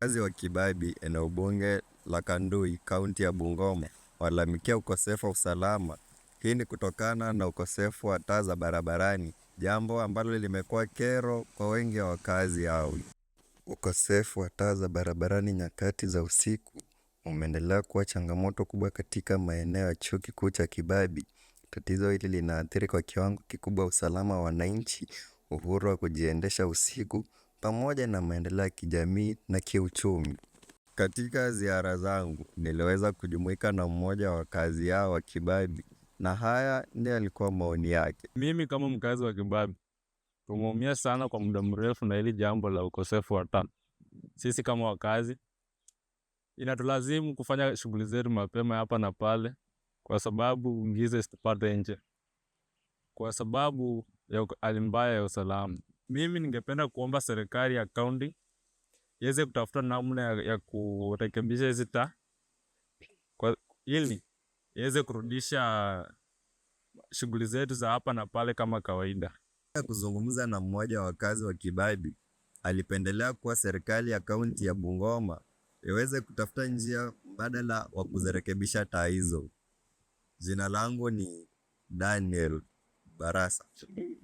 Wakazi wa kibabi eneo bunge la Kandui, kaunti ya Bungoma, walalamikia ukosefu wa usalama. Hii ni kutokana na ukosefu wa taa za barabarani, jambo ambalo limekuwa kero kwa wengi wa wakazi hao. Ukosefu wa taa za barabarani nyakati za usiku umeendelea kuwa changamoto kubwa katika maeneo ya Chuo Kikuu cha kibabi Tatizo hili linaathiri kwa kiwango kikubwa usalama wa wananchi, uhuru wa kujiendesha usiku pamoja na maendeleo ya kijamii na kiuchumi. Katika ziara zangu niliweza kujumuika na mmoja wa kazi yao wa Kibabi, na haya ndiyo alikuwa maoni yake. Mimi kama mkazi wa Kibabi tumeumia sana kwa muda mrefu na hili jambo la ukosefu wa taa. Sisi kama wakazi inatulazimu kufanya shughuli zetu mapema hapa na pale, kwa sababu giza isitupate nje, kwa sababu ya hali mbaya ya usalama. Mimi ningependa kuomba serikali ya kaunti iweze kutafuta namna ya, ya kurekebisha hizi taa ili iweze kurudisha shughuli zetu za hapa na pale kama kawaida. Kuzungumza na mmoja wa wakazi wa Kibabi, alipendelea kuwa serikali ya kaunti ya Bungoma iweze kutafuta njia mbadala wa kuzirekebisha taa hizo. Jina langu ni Daniel Barasa.